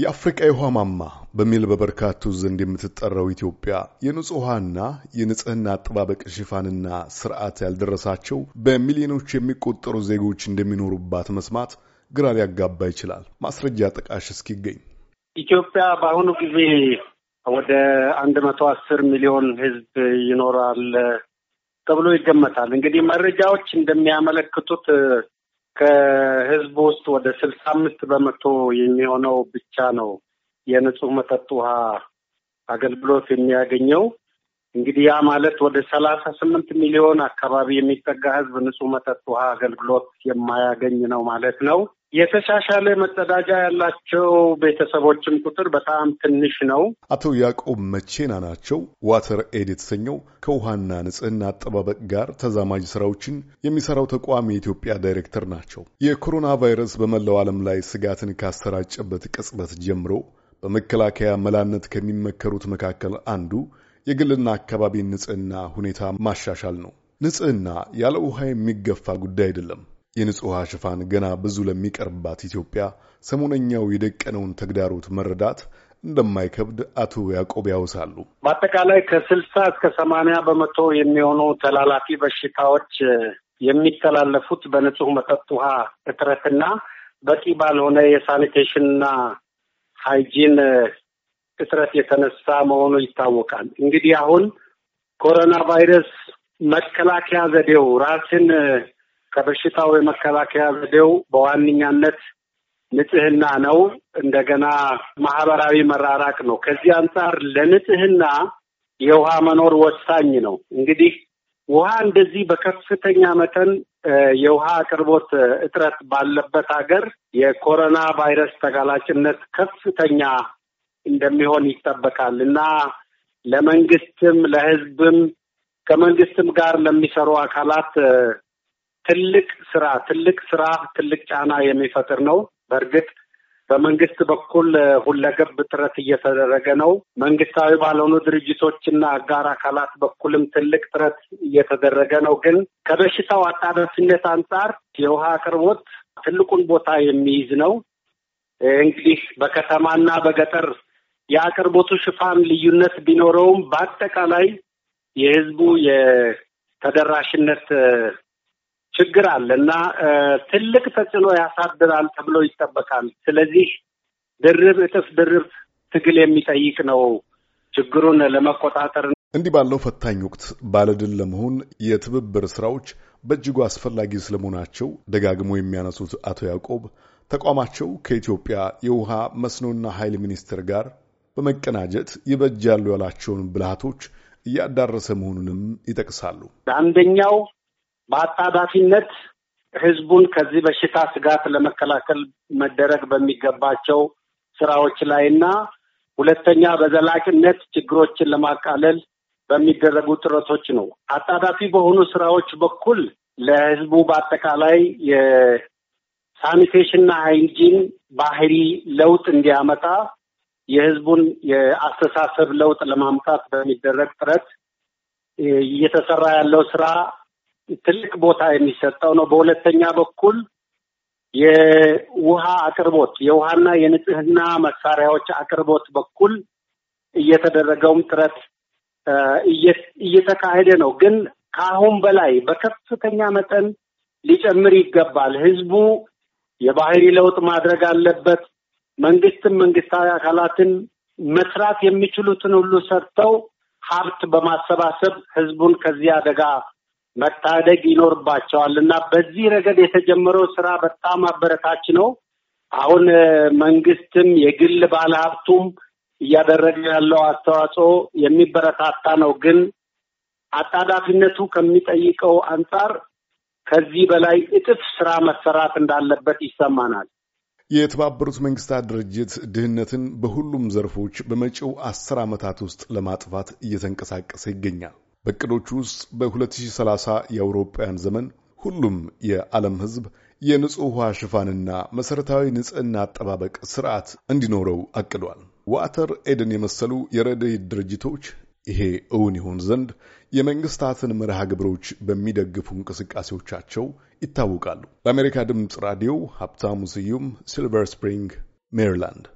የአፍሪቃ የውሃ ማማ በሚል በበርካቱ ዘንድ የምትጠራው ኢትዮጵያ የንጹህ ውሃና የንጽህና አጠባበቅ ሽፋንና ስርዓት ያልደረሳቸው በሚሊዮኖች የሚቆጠሩ ዜጎች እንደሚኖሩባት መስማት ግራ ሊያጋባ ይችላል። ማስረጃ ጠቃሽ እስኪገኝ ኢትዮጵያ በአሁኑ ጊዜ ወደ አንድ መቶ አስር ሚሊዮን ህዝብ ይኖራል ተብሎ ይገመታል። እንግዲህ መረጃዎች እንደሚያመለክቱት ከህዝቡ ውስጥ ወደ ስልሳ አምስት በመቶ የሚሆነው ብቻ ነው የንጹህ መጠጥ ውሃ አገልግሎት የሚያገኘው። እንግዲህ ያ ማለት ወደ ሰላሳ ስምንት ሚሊዮን አካባቢ የሚጠጋ ህዝብ ንጹህ መጠጥ ውሃ አገልግሎት የማያገኝ ነው ማለት ነው። የተሻሻለ መጸዳጃ ያላቸው ቤተሰቦችም ቁጥር በጣም ትንሽ ነው። አቶ ያዕቆብ መቼና ናቸው ዋተር ኤድ የተሰኘው ከውሃና ንጽህና አጠባበቅ ጋር ተዛማጅ ስራዎችን የሚሰራው ተቋም የኢትዮጵያ ዳይሬክተር ናቸው። የኮሮና ቫይረስ በመላው ዓለም ላይ ስጋትን ካሰራጨበት ቅጽበት ጀምሮ በመከላከያ መላነት ከሚመከሩት መካከል አንዱ የግልና አካባቢ ንጽህና ሁኔታ ማሻሻል ነው። ንጽህና ያለ ውሃ የሚገፋ ጉዳይ አይደለም። የንጹህ ውሃ ሽፋን ገና ብዙ ለሚቀርባት ኢትዮጵያ ሰሞነኛው የደቀነውን ተግዳሮት መረዳት እንደማይከብድ አቶ ያዕቆብ ያውሳሉ። በአጠቃላይ ከስልሳ እስከ ሰማንያ በመቶ የሚሆኑ ተላላፊ በሽታዎች የሚተላለፉት በንጹህ መጠጥ ውሃ እጥረትና በቂ ባልሆነ የሳኒቴሽንና ሃይጂን እጥረት የተነሳ መሆኑ ይታወቃል። እንግዲህ አሁን ኮሮና ቫይረስ መከላከያ ዘዴው ራስን ከበሽታው የመከላከያ ዘዴው በዋነኛነት ንጽህና ነው። እንደገና ማህበራዊ መራራቅ ነው። ከዚህ አንጻር ለንጽህና የውሃ መኖር ወሳኝ ነው። እንግዲህ ውሃ እንደዚህ በከፍተኛ መጠን የውሃ አቅርቦት እጥረት ባለበት ሀገር የኮሮና ቫይረስ ተጋላጭነት ከፍተኛ እንደሚሆን ይጠበቃል እና ለመንግስትም ለህዝብም ከመንግስትም ጋር ለሚሰሩ አካላት ትልቅ ስራ ትልቅ ስራ ትልቅ ጫና የሚፈጥር ነው። በእርግጥ በመንግስት በኩል ሁለገብ ጥረት እየተደረገ ነው። መንግስታዊ ባልሆኑ ድርጅቶችና አጋር አካላት በኩልም ትልቅ ጥረት እየተደረገ ነው። ግን ከበሽታው አጣዳፊነት አንጻር የውሃ አቅርቦት ትልቁን ቦታ የሚይዝ ነው። እንግዲህ በከተማና በገጠር የአቅርቦቱ ሽፋን ልዩነት ቢኖረውም በአጠቃላይ የህዝቡ የተደራሽነት ችግር አለ እና ትልቅ ተጽዕኖ ያሳድራል ተብሎ ይጠበቃል። ስለዚህ ድርብ እጥፍ ድርብ ትግል የሚጠይቅ ነው ችግሩን ለመቆጣጠር። እንዲህ ባለው ፈታኝ ወቅት ባለድል ለመሆን የትብብር ስራዎች በእጅጉ አስፈላጊ ስለመሆናቸው ደጋግሞ የሚያነሱት አቶ ያዕቆብ ተቋማቸው ከኢትዮጵያ የውሃ መስኖና ኃይል ሚኒስቴር ጋር በመቀናጀት ይበጃሉ ያላቸውን ብልሃቶች እያዳረሰ መሆኑንም ይጠቅሳሉ። አንደኛው በአጣዳፊነት ህዝቡን ከዚህ በሽታ ስጋት ለመከላከል መደረግ በሚገባቸው ስራዎች ላይ እና ሁለተኛ በዘላቂነት ችግሮችን ለማቃለል በሚደረጉ ጥረቶች ነው። አጣዳፊ በሆኑ ስራዎች በኩል ለህዝቡ በአጠቃላይ የሳኒቴሽንና ሃይንጂን ባህሪ ለውጥ እንዲያመጣ የህዝቡን የአስተሳሰብ ለውጥ ለማምጣት በሚደረግ ጥረት እየተሰራ ያለው ስራ ትልቅ ቦታ የሚሰጠው ነው። በሁለተኛ በኩል የውሃ አቅርቦት የውሃና የንጽህና መሳሪያዎች አቅርቦት በኩል እየተደረገውም ጥረት እየተካሄደ ነው። ግን ከአሁን በላይ በከፍተኛ መጠን ሊጨምር ይገባል። ህዝቡ የባህሪ ለውጥ ማድረግ አለበት። መንግስትም መንግስታዊ አካላትን መስራት የሚችሉትን ሁሉ ሰርተው ሀብት በማሰባሰብ ህዝቡን ከዚህ አደጋ መታደግ ይኖርባቸዋል እና በዚህ ረገድ የተጀመረው ስራ በጣም አበረታች ነው። አሁን መንግስትም የግል ባለሀብቱም እያደረገ ያለው አስተዋጽኦ የሚበረታታ ነው። ግን አጣዳፊነቱ ከሚጠይቀው አንጻር ከዚህ በላይ እጥፍ ስራ መሰራት እንዳለበት ይሰማናል። የተባበሩት መንግስታት ድርጅት ድህነትን በሁሉም ዘርፎች በመጪው አስር ዓመታት ውስጥ ለማጥፋት እየተንቀሳቀሰ ይገኛል። በእቅዶቹ ውስጥ በ2030 የአውሮፓውያን ዘመን ሁሉም የዓለም ህዝብ የንጹሕ ውሃ ሽፋንና መሠረታዊ ንጽህና አጠባበቅ ስርዓት እንዲኖረው አቅዷል። ዋተር ኤደን የመሰሉ የረድኤት ድርጅቶች ይሄ እውን ይሆን ዘንድ የመንግስታትን መርሃ ግብሮች በሚደግፉ እንቅስቃሴዎቻቸው ይታወቃሉ። ለአሜሪካ ድምፅ ራዲዮ ሀብታሙ ስዩም ሲልቨር ስፕሪንግ ሜሪላንድ